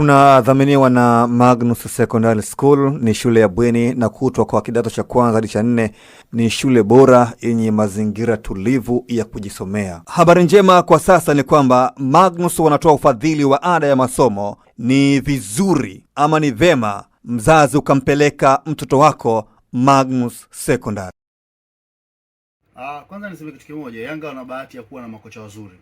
Tunadhaminiwa na Magnus Secondary School. Ni shule ya bweni na kutwa kwa kidato cha kwanza hadi cha nne. Ni shule bora yenye mazingira tulivu ya kujisomea. Habari njema kwa sasa ni kwamba Magnus wanatoa ufadhili wa ada ya masomo. Ni vizuri ama ni vema mzazi ukampeleka mtoto wako Magnus Secondary. Ah, kwanza niseme kitu kimoja, Yanga wana bahati ya kuwa na makocha wazuri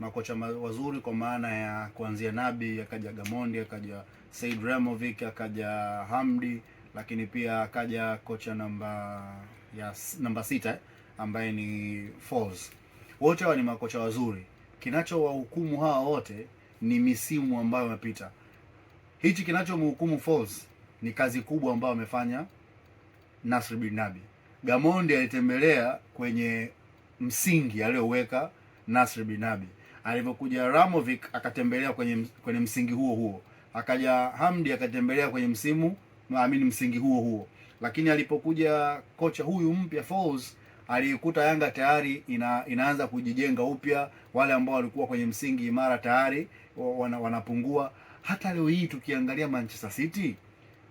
makocha wazuri kwa maana ya kuanzia Nabi, akaja Gamondi, akaja Said Ramovic, akaja Hamdi, lakini pia akaja kocha namba ya namba sita eh, ambaye ni Falls. Wote hawa ni makocha wazuri. Kinachowahukumu hawa wote ni misimu ambayo wamepita. Hichi kinachomhukumu Falls ni kazi kubwa ambayo amefanya Nasri bin Nabi. Gamondi alitembelea kwenye msingi aliyoweka Nasri bin Nabi alivyokuja Ramovic akatembelea kwenye kwenye msingi huo huo, akaja Hamdi akatembelea kwenye msimu naamini msingi huo huo, lakini alipokuja kocha huyu mpya Falls aliikuta Yanga tayari ina, inaanza kujijenga upya. Wale ambao walikuwa kwenye msingi imara tayari wana, wanapungua. Hata leo hii tukiangalia Manchester City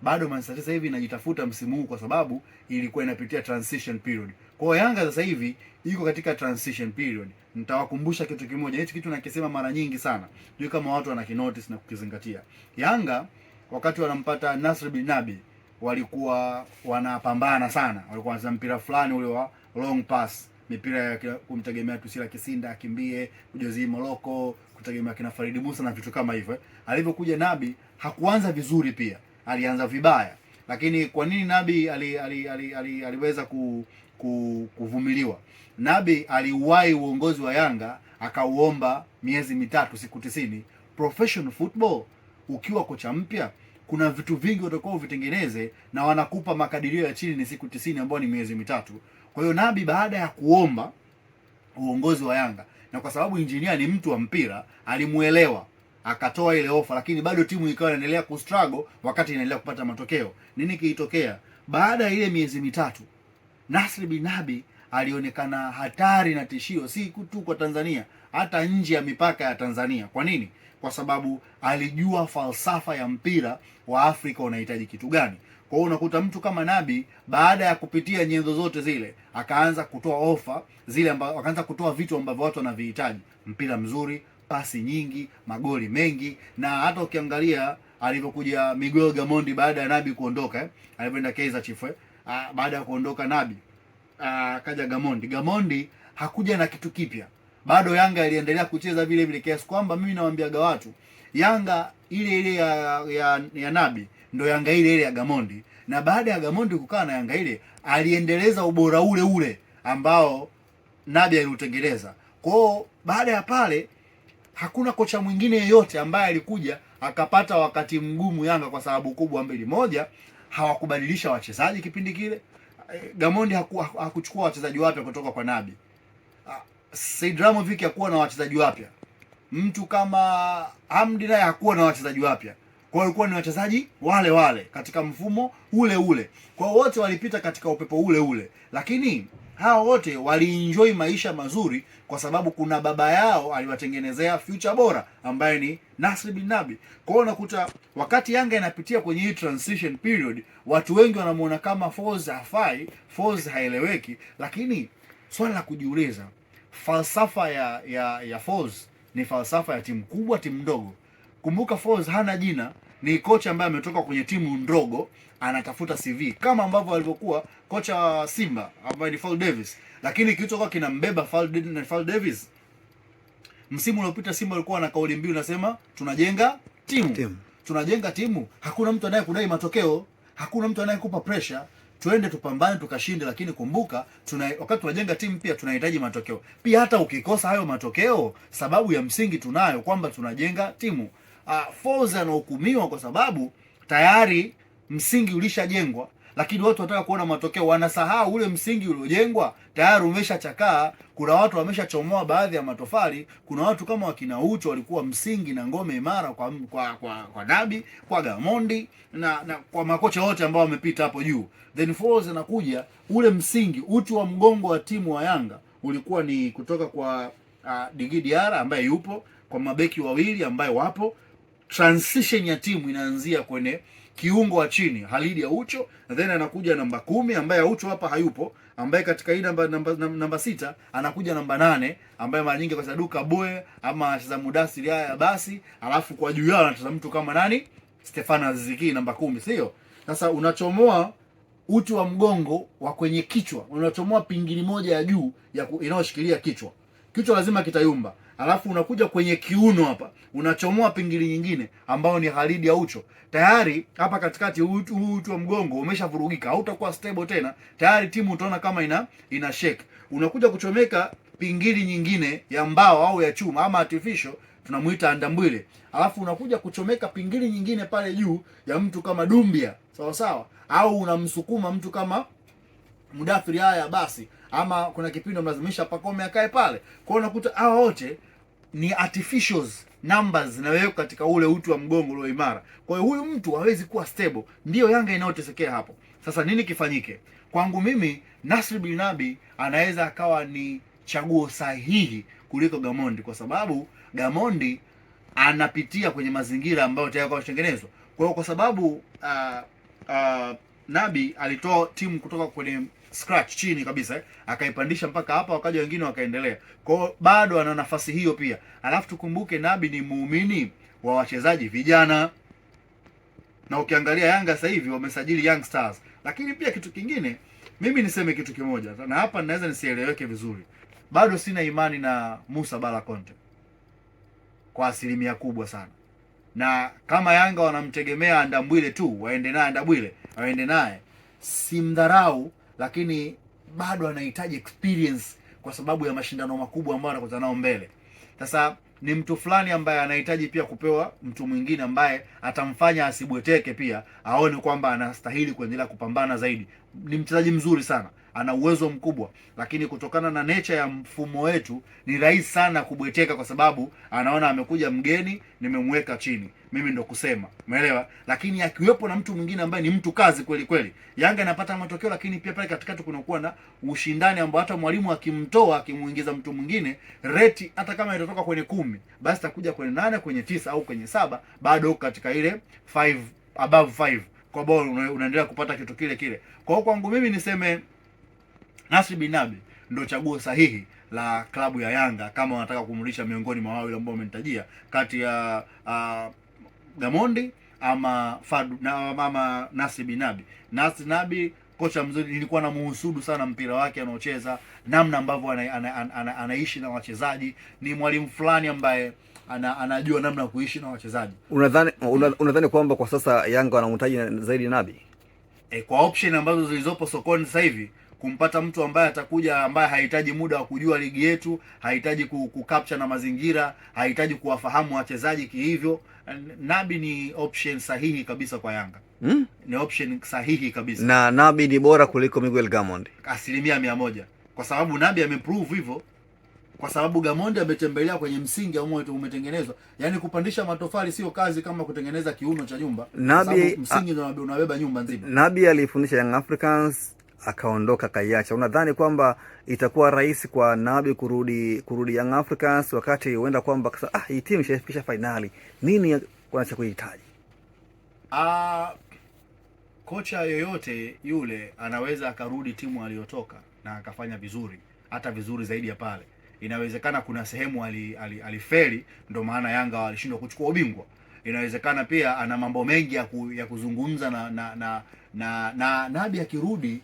bado Manchester City hivi inajitafuta msimu huu, kwa sababu ilikuwa inapitia transition period. Kwa Yanga sasa hivi iko katika transition period. Nitawakumbusha kitu kimoja, hichi kitu nakisema mara nyingi sana, sijui kama watu wana wanakinotice na kukizingatia. Yanga wakati wanampata Nasri bin Nabi walikuwa wanapambana sana, walikuwa wanacheza mpira fulani ule wa long pass, mipira ya kumtegemea Tusila Kisinda akimbie, Jozi Moloko, kutegemea kina Faridi Musa na vitu kama hivyo. Alivyokuja Nabi hakuanza vizuri, pia alianza vibaya, lakini kwa nini Nabi ali, ali, ali, ali, aliweza ku kuvumiliwa. Nabi aliwahi uongozi wa Yanga akauomba miezi mitatu, siku tisini. Professional football ukiwa kocha mpya kuna vitu vingi watakuwa uvitengeneze, na wanakupa makadirio ya chini ni siku tisini ambayo ni miezi mitatu. Kwa hiyo Nabi baada ya kuomba uongozi wa Yanga, na kwa sababu injinia ni mtu wa mpira, alimuelewa akatoa ile ofa, lakini bado timu ikawa inaendelea kustruggle wakati inaendelea kupata matokeo. Nini kilitokea baada ya ile miezi mitatu? Nasr bin Nabi alionekana hatari na tishio, si tu kwa Tanzania, hata nje ya mipaka ya Tanzania. Kwa nini? Kwa sababu alijua falsafa ya mpira wa Afrika unahitaji kitu gani. Kwa hiyo unakuta mtu kama Nabi baada ya kupitia nyenzo zote zile akaanza kutoa ofa zile ambazo, akaanza kutoa vitu ambavyo watu wanavihitaji: mpira mzuri, pasi nyingi, magoli mengi. Na hata ukiangalia alivyokuja Miguel Gamondi baada ya Nabi kuondoka eh, alivyoenda Kaizer Chiefs eh, uh, baada ya kuondoka Nabi uh, ah, kaja Gamondi. Gamondi hakuja na kitu kipya, bado Yanga iliendelea kucheza vile vile, kiasi kwamba mimi nawaambiaga watu Yanga ile ile ya, ya, ya Nabi ndo Yanga ile ile ya Gamondi, na baada ya Gamondi kukaa na Yanga ile aliendeleza ubora ule ule ambao Nabi aliutengeneza kwao. Baada ya pale hakuna kocha mwingine yeyote ambaye alikuja akapata wakati mgumu Yanga kwa sababu kubwa mbili. Moja, hawakubadilisha wachezaji kipindi kile. Gamondi hakuchukua wachezaji wapya kutoka kwa Nabi. Ah, Ramovic hakuwa na wachezaji wapya. Mtu kama Hamdi naye hakuwa na wachezaji wapya. Kwa hiyo walikuwa ni wachezaji wale wale katika mfumo ule ule. Kwa wote walipita katika upepo ule ule. Lakini hao wote walienjoy maisha mazuri kwa sababu kuna baba yao aliwatengenezea future bora ambaye ni Nasri bin Nabi. Kwa hiyo unakuta wakati Yanga inapitia kwenye hii transition period, watu wengi wanamuona kama Folz hafai, Folz haeleweki, lakini swala la kujiuliza, falsafa ya ya, ya Folz ni falsafa ya timu kubwa, timu ndogo. Kumbuka Folz hana jina, ni kocha ambaye ametoka kwenye timu ndogo anatafuta CV kama ambavyo alivyokuwa kocha wa Simba ambaye ni Fall Davis, lakini kilichokuwa kinambeba Fall, Fall Davis msimu uliopita Simba alikuwa na kauli mbiu nasema tunajenga timu. timu tunajenga timu. Hakuna mtu anayekudai matokeo, hakuna mtu anayekupa pressure. Tuende tupambane tukashinde, lakini kumbuka tuna, wakati tunajenga timu pia tunahitaji matokeo pia. Hata ukikosa hayo matokeo, sababu ya msingi tunayo kwamba tunajenga timu. Uh, ah, Folz anahukumiwa kwa sababu tayari msingi ulishajengwa, lakini watu wanataka kuona matokeo, wanasahau ule msingi uliojengwa tayari umeshachakaa. Kuna watu wameshachomoa baadhi ya matofali. Kuna watu kama wakina Ucho walikuwa msingi na ngome imara kwa kwa kwa, kwa Nabi, kwa Gamondi na, na kwa makocha wote ambao wamepita hapo juu, then Folz anakuja ule msingi utu wa mgongo wa timu wa Yanga ulikuwa ni kutoka kwa uh, Digi Diara ambaye yupo kwa mabeki wawili ambaye wapo, transition ya timu inaanzia kwenye kiungo wa chini Halidi Aucho, and then anakuja namba kumi ambaye Aucho hapa hayupo, ambaye katika hii namba, namba, namba sita anakuja namba nane ambaye mara nyingi kwa duka bue ama cheza Mudasiri haya basi, alafu kwa juu yao anacheza mtu kama nani Stefano Aziziki namba kumi, sio? Sasa unachomoa uti wa mgongo wa kwenye kichwa, unachomoa pingili moja ya juu ya inayoshikilia kichwa. Kichwa lazima kitayumba alafu unakuja kwenye kiuno hapa unachomoa pingili nyingine ambayo ni haridi ya ucho. Tayari hapa katikati huu uti wa mgongo umeshavurugika, hautakuwa stable tena. Tayari timu utaona kama ina ina shake. Unakuja kuchomeka pingili nyingine ya mbao au ya chuma ama artificial tunamuita andambwile, alafu unakuja kuchomeka pingili nyingine pale juu ya mtu kama Dumbia, sawa sawa, au unamsukuma mtu kama Mudafiri. Haya basi, ama kuna kipindi mlazimisha Pacome akae pale. Kwa hiyo unakuta hawa wote ni artificials numbers zinawekwa katika ule uti wa mgongo ulio imara. Kwa hiyo huyu mtu hawezi kuwa stable, ndiyo Yanga inayotesekea hapo. Sasa nini kifanyike? Kwangu mimi Nasri bin Nabi anaweza akawa ni chaguo sahihi kuliko Gamondi, kwa sababu Gamondi anapitia kwenye mazingira ambayo tayari kutengenezwa. Kwa hiyo kwa sababu uh, uh, Nabi alitoa timu kutoka kwenye scratch chini kabisa eh, akaipandisha mpaka hapa, wakaja wengine wakaendelea. Kwa hiyo bado ana nafasi hiyo pia, alafu tukumbuke Nabi ni muumini wa wachezaji vijana, na ukiangalia Yanga sasa hivi wamesajili young stars. Lakini pia kitu kingine, mimi niseme kitu kimoja, na hapa ninaweza nisieleweke vizuri, bado sina imani na Musa Bala Conte kwa asilimia kubwa sana, na kama Yanga wanamtegemea Andambwile tu waende naye, Andambwile waende naye, simdharau lakini bado anahitaji experience kwa sababu ya mashindano makubwa ambayo anakutana nao mbele. Sasa ni mtu fulani ambaye anahitaji pia kupewa mtu mwingine ambaye atamfanya asibweteke, pia aone kwamba anastahili kuendelea kupambana zaidi. Ni mchezaji mzuri sana ana uwezo mkubwa, lakini kutokana na nature ya mfumo wetu ni rahisi sana kubweteka, kwa sababu anaona amekuja mgeni, nimemweka chini, mimi ndo kusema, umeelewa. Lakini akiwepo na mtu mwingine ambaye ni mtu kazi kweli kweli, Yanga inapata matokeo, lakini pia pale katikati kunakuwa na ushindani ambao hata mwalimu akimtoa akimuingiza mtu mwingine, reti hata kama itatoka kwenye kumi, basi takuja kwenye nane, kwenye tisa au kwenye saba, bado katika ile five above five kwa bao unaendelea kupata kitu kile kile. Kwa hiyo kwangu mimi niseme Nasri bin Nabi ndo chaguo sahihi la klabu ya Yanga kama wanataka kumrudisha miongoni mwa wale ambao wamenitajia kati ya uh, Gamondi ama Fadu na mama Nasri bin Nabi. Nasri Nabi kocha mzuri, nilikuwa muhusudu sana mpira wake anaocheza, namna ambavyo anaishi ana, ana, ana, ana na wachezaji. Ni mwalimu fulani ambaye ana, anajua namna ya kuishi na wachezaji. Unadhani unadhani kwamba kwa sasa Yanga wanamhitaji zaidi Nabi? E, kwa option ambazo zilizopo sokoni sasa hivi kumpata mtu ambaye atakuja ambaye hahitaji muda wa kujua ligi yetu, hahitaji kukapcha na mazingira, hahitaji kuwafahamu wachezaji kihivyo. Nabi ni option sahihi kabisa kwa Yanga hmm? Ni option sahihi kabisa na Nabi ni bora kuliko Miguel Gamondi asilimia mia moja kwa sababu Nabi ameprove hivyo, kwa sababu Gamondi ametembelea kwenye msingi ambao umetengenezwa. Yaani kupandisha matofali sio kazi kama kutengeneza kiuno cha nyumba. Nabi msingi ndio unabeba nyumba nzima. Nabi alifundisha Young Africans akaondoka akaiacha. Unadhani kwamba itakuwa rahisi kwa Nabi kurudi kurudi Young Africans wakati huenda kwamba ah, hii timu ishafikisha fainali? Nini wanacha kuhitaji? Uh, ah, kocha yoyote yule anaweza akarudi timu aliyotoka na akafanya vizuri, hata vizuri zaidi ya pale. Inawezekana kuna sehemu alifeli ali, ali ndio maana Yanga walishindwa kuchukua ubingwa. Inawezekana pia ana mambo mengi ya, ku, ya kuzungumza na na na, na, na Nabi akirudi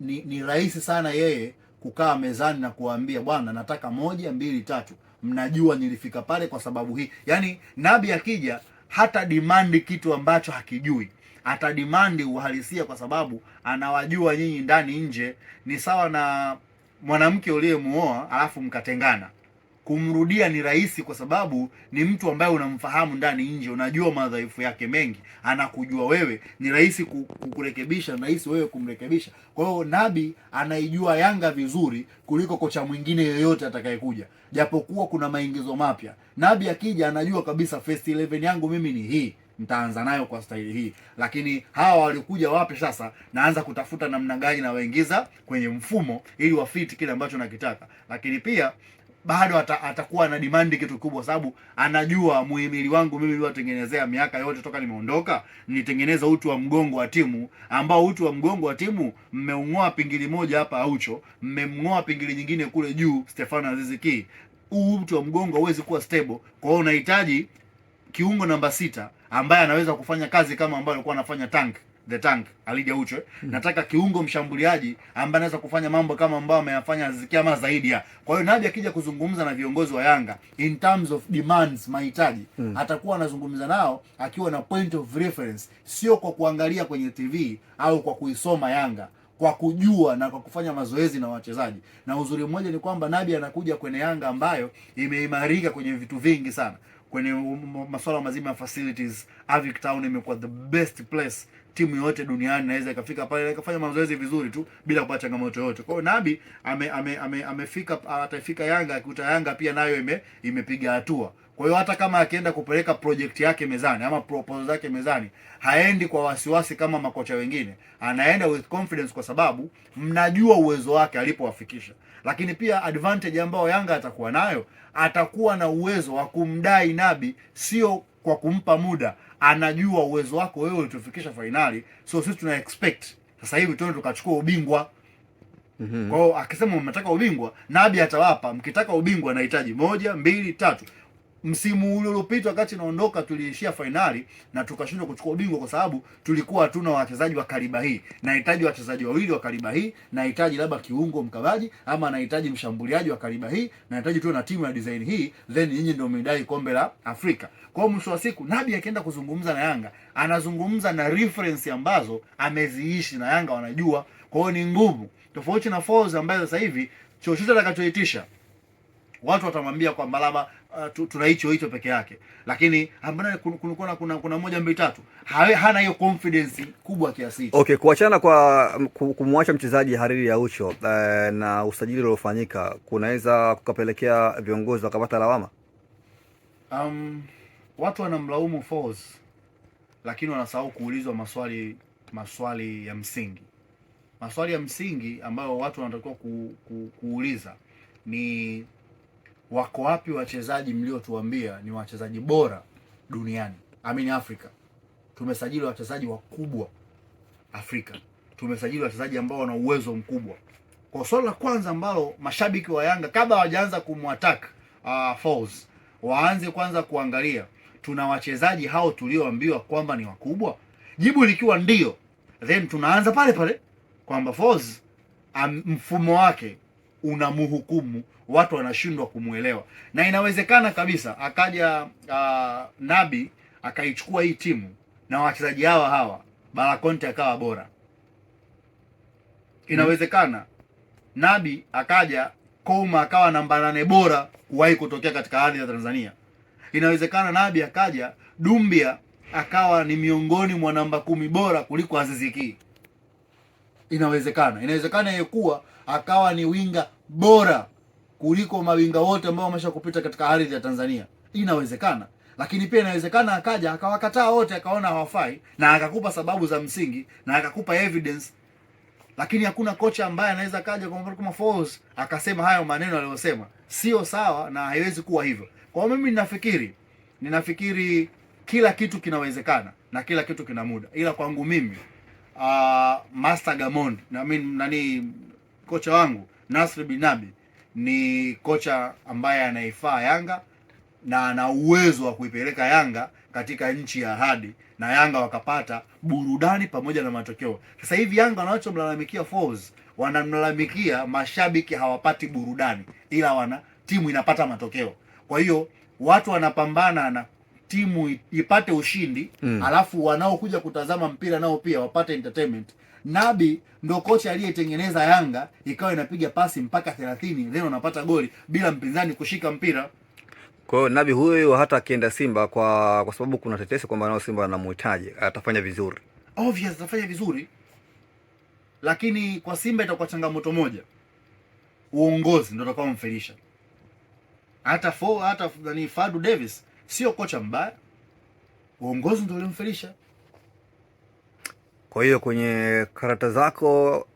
ni, ni rahisi sana yeye kukaa mezani na kuwaambia bwana, nataka moja mbili tatu, mnajua nilifika pale kwa sababu hii. Yaani nabii akija hata dimandi kitu ambacho hakijui, atadimandi uhalisia kwa sababu anawajua nyinyi ndani nje. Ni sawa na mwanamke uliyemuoa alafu mkatengana kumrudia ni rahisi kwa sababu ni mtu ambaye unamfahamu ndani nje, unajua madhaifu yake mengi, anakujua wewe, ni rahisi kukurekebisha, ni rahisi wewe kumrekebisha. Kwa hiyo Nabi anaijua Yanga vizuri kuliko kocha mwingine yoyote atakayekuja, japokuwa kuna maingizo mapya. Nabi akija anajua kabisa first 11 yangu mimi ni hii nitaanza nayo kwa staili hii, lakini hawa walikuja wapi? Sasa naanza kutafuta namna gani nawaingiza kwenye mfumo ili wafiti kile ambacho nakitaka, lakini pia bado atakuwa ata na demand kitu kubwa, sababu anajua muhimili wangu mimi niliotengenezea miaka yote toka nimeondoka, nitengeneza utu wa mgongo wa timu, ambao utu wa mgongo wa timu mmeung'oa pingili moja hapa Aucho, mmemng'oa pingili nyingine kule juu Stefano Aziziki. Huu utu wa mgongo uwezi kuwa stable, kwa hiyo unahitaji kiungo namba sita ambaye anaweza kufanya kazi kama ambayo alikuwa anafanya Tank the tank alija alijauchwe mm. Nataka kiungo mshambuliaji ambaye anaweza kufanya mambo kama ambao ameyafanya Azikia ama zaidi ya. Kwa hiyo Nabi akija kuzungumza na viongozi wa Yanga in terms of demands, mahitaji mm. atakuwa anazungumza nao akiwa na point of reference, sio kwa kuangalia kwenye TV au kwa kuisoma Yanga kwa kujua na kwa kufanya mazoezi na wachezaji. Na uzuri mmoja ni kwamba Nabi anakuja kwenye Yanga ambayo imeimarika kwenye vitu vingi sana, kwenye masuala mazima ya facilities. Avic Town imekuwa the best place timu yoyote duniani naweza ikafika pale na ikafanya mazoezi vizuri tu bila kupata changamoto yoyote. Kwa hiyo Nabi amefika ame, ame, ame ataifika Yanga akikuta Yanga pia nayo ime, imepiga hatua. Kwa hiyo hata kama akienda kupeleka project yake mezani ama proposal zake mezani, haendi kwa wasiwasi kama makocha wengine, anaenda with confidence, kwa sababu mnajua uwezo wake alipowafikisha. Lakini pia advantage ambayo Yanga atakuwa nayo, atakuwa na uwezo wa kumdai Nabi sio kwa kumpa muda, anajua uwezo wako wewe ulitufikisha fainali, so sisi tuna expect sasa hivi tuende tukachukua ubingwa. Mm -hmm. Kwa hiyo akisema mnataka ubingwa, Nabi atawapa mkitaka ubingwa, nahitaji moja, mbili, tatu msimu ule uliopita wakati naondoka tuliishia fainali na tukashindwa kuchukua ubingwa kwa sababu tulikuwa hatuna wachezaji wa kaliba hii. Nahitaji wachezaji wawili wa kaliba hii, nahitaji labda kiungo mkabaji, ama nahitaji mshambuliaji wa kaliba hii, nahitaji tuwe na timu ya design hii, then nyinyi ndio mmedai kombe la Afrika. Kwa hiyo mwisho wa siku Nabi akienda kuzungumza na Yanga, anazungumza na reference ambazo ameziishi na Yanga wanajua. Kwa hiyo ni ngumu, tofauti na Folz ambayo sasa hivi chochote atakachoitisha watu watamwambia kwamba labda uh, tuna hicho hicho peke yake, lakini ambana ah, kuna kuna kuna moja mbili tatu, hana hiyo confidence kubwa kiasi hicho. Okay, kuachana kwa kumwacha mchezaji Hariri Aucho uh, na usajili uliofanyika kunaweza kukapelekea viongozi wakapata lawama. Um, watu wanamlaumu Folz lakini wanasahau kuulizwa maswali maswali ya msingi. Maswali ya msingi ambayo watu wanatakiwa ku, ku, kuuliza ni wako wapi wachezaji mliotuambia ni wachezaji bora duniani? Amini Afrika. Tumesajili wachezaji wakubwa Afrika, tumesajili wachezaji ambao wana uwezo mkubwa. Kwa swala la kwanza ambalo mashabiki wa Yanga kabla hawajaanza kumwataka uh, Folz waanze kwanza kuangalia tuna wachezaji hao tulioambiwa kwamba ni wakubwa. Jibu likiwa ndio, then tunaanza pale pale kwamba Folz mfumo wake unamhukumu watu wanashindwa kumwelewa, na inawezekana kabisa akaja uh, Nabi akaichukua hii timu na wachezaji hawa hawa Bala akawa bora. Mm. Inawezekana Nabi akaja Kouma akawa namba nane bora kuwahi kutokea katika ardhi ya Tanzania. Inawezekana Nabi akaja Dumbia akawa ni miongoni mwa namba kumi bora kuliko aziziki Inawezekana, inawezekana yeye kuwa akawa ni winga bora kuliko mawinga wote ambao wamesha kupita katika ardhi ya Tanzania. Inawezekana, lakini pia inawezekana akaja akawakataa wote, akaona hawafai na akakupa sababu za msingi na akakupa evidence, lakini hakuna kocha ambaye anaweza kaja kwa mfano kama Folz akasema hayo maneno aliyosema sio sawa, na haiwezi kuwa hivyo. Kwa hiyo mimi ninafikiri ninafikiri kila kitu kinawezekana na kila kitu kina muda, ila kwangu mimi uh, Master Gamond na mimi nani kocha wangu Nasri Binabi ni kocha ambaye anaifaa Yanga na ana uwezo wa kuipeleka Yanga katika nchi ya ahadi na Yanga wakapata burudani pamoja na matokeo. Sasa hivi Yanga wanachomlalamikia Folz, wanamlalamikia mashabiki hawapati burudani, ila wana timu inapata matokeo. Kwa hiyo watu wanapambana na timu ipate ushindi mm, alafu wanaokuja kutazama mpira nao pia wapate entertainment. Nabi ndo kocha aliyetengeneza Yanga ikawa inapiga pasi mpaka 30 leo unapata goli bila mpinzani kushika mpira. Kwa hiyo Nabi huyo hata akienda Simba kwa kwa sababu kuna tetesi kwamba nao Simba anamhitaji atafanya vizuri. Obvious atafanya vizuri. Lakini kwa Simba itakuwa changamoto moja. Uongozi ndio utakao mfelisha. Hata fo hata nani Fadu Davis sio kocha mbaya. Uongozi ndio ulimfelisha. Kwa hiyo kwenye karata zako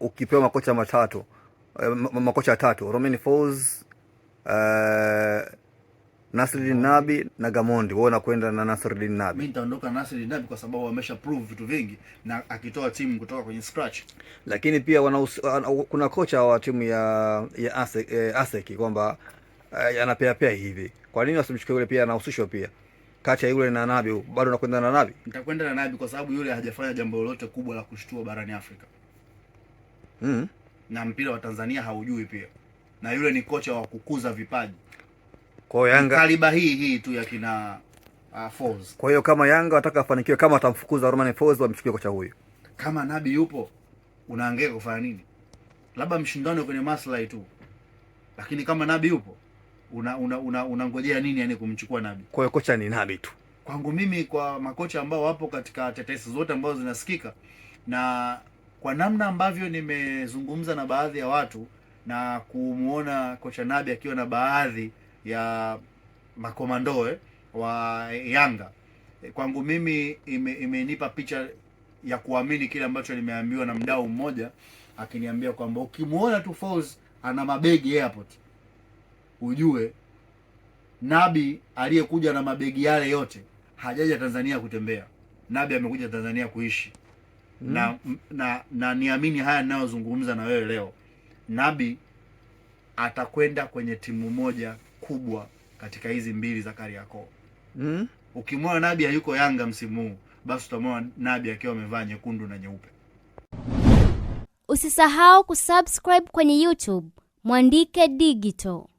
ukipewa makocha matatu eh, makocha tatu Romain Folz, uh, eh, Nasreddine Nabi na Gamondi, wewe unakwenda na Nasreddine Nabi. Mimi nitaondoka na Nasreddine Nabi kwa sababu amesha prove vitu vingi na akitoa timu kutoka kwenye scratch. Lakini pia wana, wana, kuna kocha wa timu ya ya Asek, eh, Aseki kwamba eh, anapea anapeapea hivi. Kwa nini wasimchukue yule pia anahusishwa pia? kati ya yule na Nabi Bado nakwenda na Nabi? Nitakwenda na Nabi kwa sababu yule hajafanya jambo lolote kubwa la kushtua barani Afrika. Mm. Na mpira wa Tanzania haujui pia, na yule ni kocha wa kukuza vipaji. Kwa hiyo Yanga kaliba hii hii tu ya kina uh, Folz. Kwa hiyo kama Yanga wataka afanikiwe, kama watamfukuza Romain Folz, wamchukue kocha huyu. Kama Nabi yupo, unaangaika kufanya nini? Labda mshindano kwenye maslahi tu, lakini kama Nabi yupo unangojea una, una, una nini yani kumchukua Nabi? Kwa hiyo kocha ni Nabi tu kwangu mimi, kwa makocha ambao wapo katika tetesi zote ambazo zinasikika na kwa namna ambavyo nimezungumza na baadhi ya watu na kumwona kocha Nabi akiwa na baadhi ya makomandoe wa Yanga, kwangu mimi imenipa ime picha ya kuamini kile ambacho nimeambiwa na mdau mmoja akiniambia kwamba ukimwona tu Folz ana mabegi airport ujue nabi aliyekuja na mabegi yale yote hajaja Tanzania kutembea. Nabi amekuja Tanzania kuishi. Mm. Na, na, na niamini haya ninayozungumza na wewe leo, nabi atakwenda kwenye timu moja kubwa katika hizi mbili za Kariakoo. Mm. Ukimwona nabi hayuko Yanga msimu huu, basi utamwona nabi akiwa amevaa nyekundu na nyeupe. Usisahau kusubscribe kwenye YouTube Mwandike Digital.